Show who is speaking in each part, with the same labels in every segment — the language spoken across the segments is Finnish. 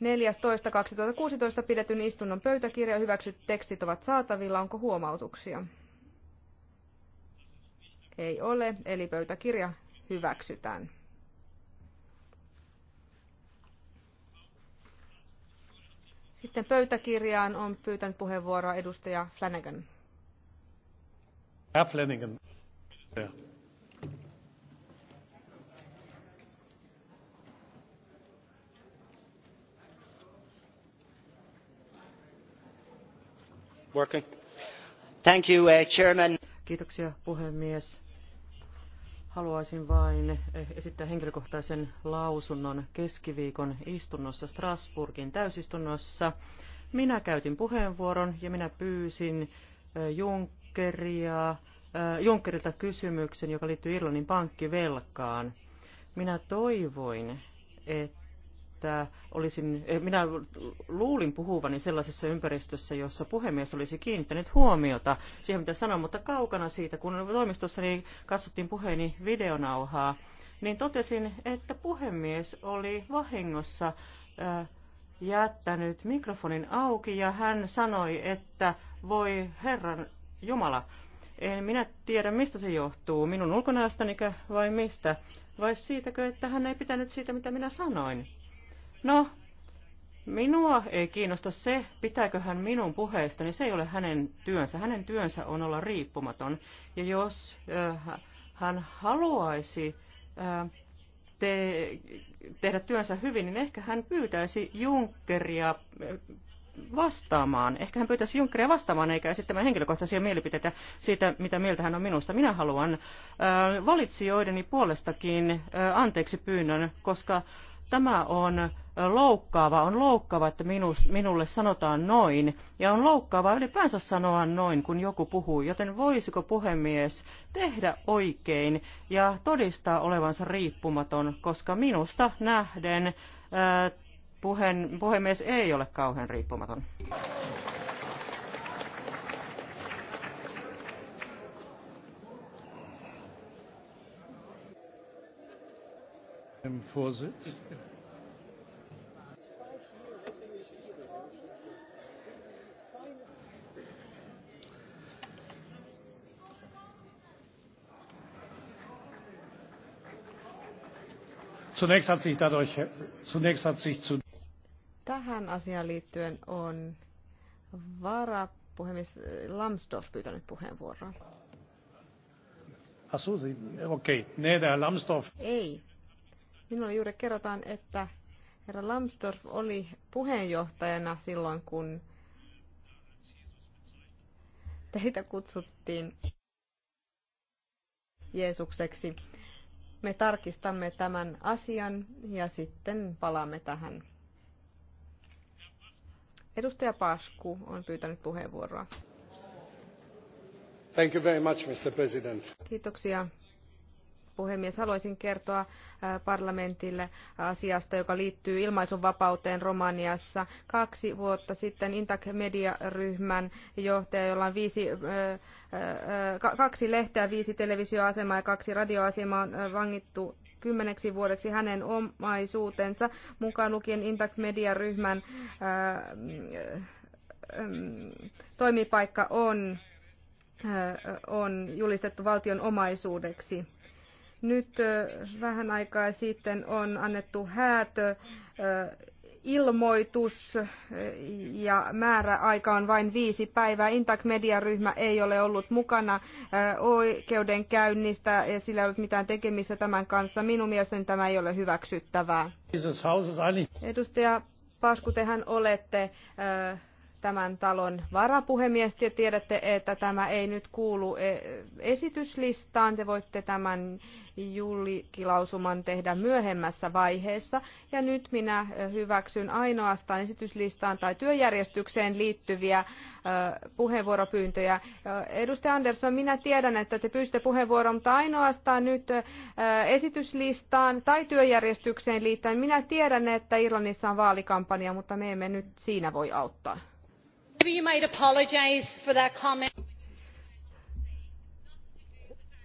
Speaker 1: 14.2016 pidetyn istunnon pöytäkirja hyväksyt tekstit ovat saatavilla. Onko huomautuksia? Ei ole, eli pöytäkirja hyväksytään. Sitten pöytäkirjaan on pyytänyt puheenvuoroa edustaja Flanagan.
Speaker 2: Herr Flanagan. Yeah.
Speaker 3: arvoisa uh, Kiitoksia puhemies. Haluaisin vain eh, esittää henkilökohtaisen lausunnon keskiviikon istunnossa Strasbourgin täysistunnossa. Minä käytin puheenvuoron ja minä pyysin eh, Junckeria, eh, Junckerilta kysymyksen, joka liittyy Irlannin pankkivelkaan. Minä toivoin, että että olisin, eh, minä luulin puhuvani sellaisessa ympäristössä, jossa puhemies olisi kiinnittänyt huomiota siihen, mitä sanoin, mutta kaukana siitä, kun toimistossani niin katsottiin puheeni videonauhaa, niin totesin, että puhemies oli vahingossa eh, jättänyt mikrofonin auki ja hän sanoi, että voi Herran Jumala, en minä tiedä mistä se johtuu, minun ulkonäöstänikö vai mistä, vai siitäkö, että hän ei pitänyt siitä, mitä minä sanoin. No, minua ei kiinnosta se, pitääkö hän minun puheesta, niin Se ei ole hänen työnsä. Hänen työnsä on olla riippumaton. Ja jos äh, hän haluaisi äh, te, tehdä työnsä hyvin, niin ehkä hän pyytäisi Junckeria äh, vastaamaan. Ehkä hän pyytäisi Junckeria vastaamaan eikä esittämään henkilökohtaisia mielipiteitä siitä, mitä mieltä hän on minusta. Minä haluan äh, valitsijoideni puolestakin äh, anteeksi pyynnön, koska Tämä on loukkaava, on loukkaava, että minus, minulle sanotaan noin, ja on loukkaava ylipäänsä sanoa noin, kun joku puhuu, joten voisiko puhemies tehdä oikein ja todistaa olevansa riippumaton, koska minusta nähden ää, äh, puhemies ei ole kauhean riippumaton.
Speaker 2: dem Vorsitz. Zunächst hat sich dadurch, zunächst hat sich zu
Speaker 1: Tähän asiaan liittyen on varapuhemies Lambsdorff pyytänyt puheenvuoroa.
Speaker 2: Asu, so, okay. der Lambsdorff.
Speaker 1: Ei, Minulle juuri kerrotaan, että herra Lambsdorff oli puheenjohtajana silloin, kun teitä kutsuttiin Jeesukseksi. Me tarkistamme tämän asian ja sitten palaamme tähän. Edustaja Pasku on pyytänyt puheenvuoroa.
Speaker 2: Thank you very much, Mr. President.
Speaker 1: Kiitoksia puhemies. Haluaisin kertoa äh, parlamentille asiasta, joka liittyy ilmaisunvapauteen Romaniassa. Kaksi vuotta sitten Intac Media-ryhmän johtaja, jolla on viisi, äh, äh, kaksi lehteä, viisi televisioasemaa ja kaksi radioasemaa on vangittu kymmeneksi vuodeksi hänen omaisuutensa, mukaan lukien Intac Media-ryhmän ähm, toimipaikka on, on julistettu valtion omaisuudeksi. Nyt vähän aikaa sitten on annettu häätö ilmoitus ja määräaika on vain viisi päivää. Media-ryhmä ei ole ollut mukana oikeudenkäynnistä ja sillä ei ollut mitään tekemistä tämän kanssa. Minun mielestäni tämä ei ole hyväksyttävää. Edustaja Pasku, tehän olette äh, tämän talon varapuhemies. Te tiedätte, että tämä ei nyt kuulu e, esityslistaan. Te voitte tämän julkilausuman tehdä myöhemmässä vaiheessa. Ja nyt minä e, hyväksyn ainoastaan esityslistaan tai työjärjestykseen liittyviä e, puheenvuoropyyntöjä. Edustaja Andersson, minä tiedän, että te pystytte puheenvuoron, mutta ainoastaan nyt esityslistaan tai työjärjestykseen liittyen. Minä tiedän, että Irlannissa on vaalikampanja, mutta me emme nyt siinä voi auttaa.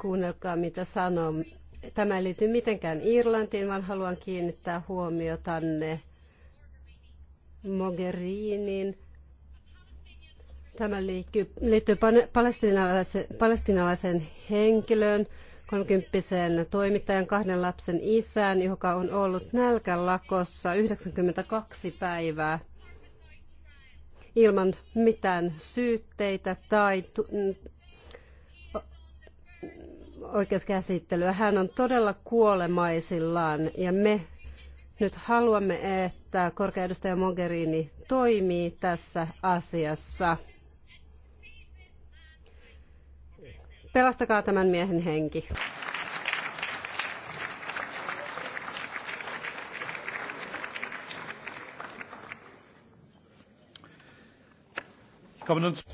Speaker 2: Kuunnelkaa, mitä sanon. Tämä ei liity mitenkään Irlantiin, vaan haluan kiinnittää huomiotanne Mogherinin. Tämä liittyy, palestinalaisen, henkilön, henkilöön, 30 toimittajan kahden lapsen isään, joka on ollut nälkälakossa 92 päivää ilman mitään syytteitä tai mm, oikeuskäsittelyä. Hän on todella kuolemaisillaan ja me nyt haluamme, että korkea Mogherini toimii tässä asiassa. Pelastakaa tämän miehen henki.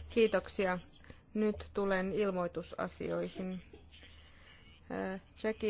Speaker 1: Kiitoksia.
Speaker 2: Nyt tulen ilmoitusasioihin. Tsekin äh,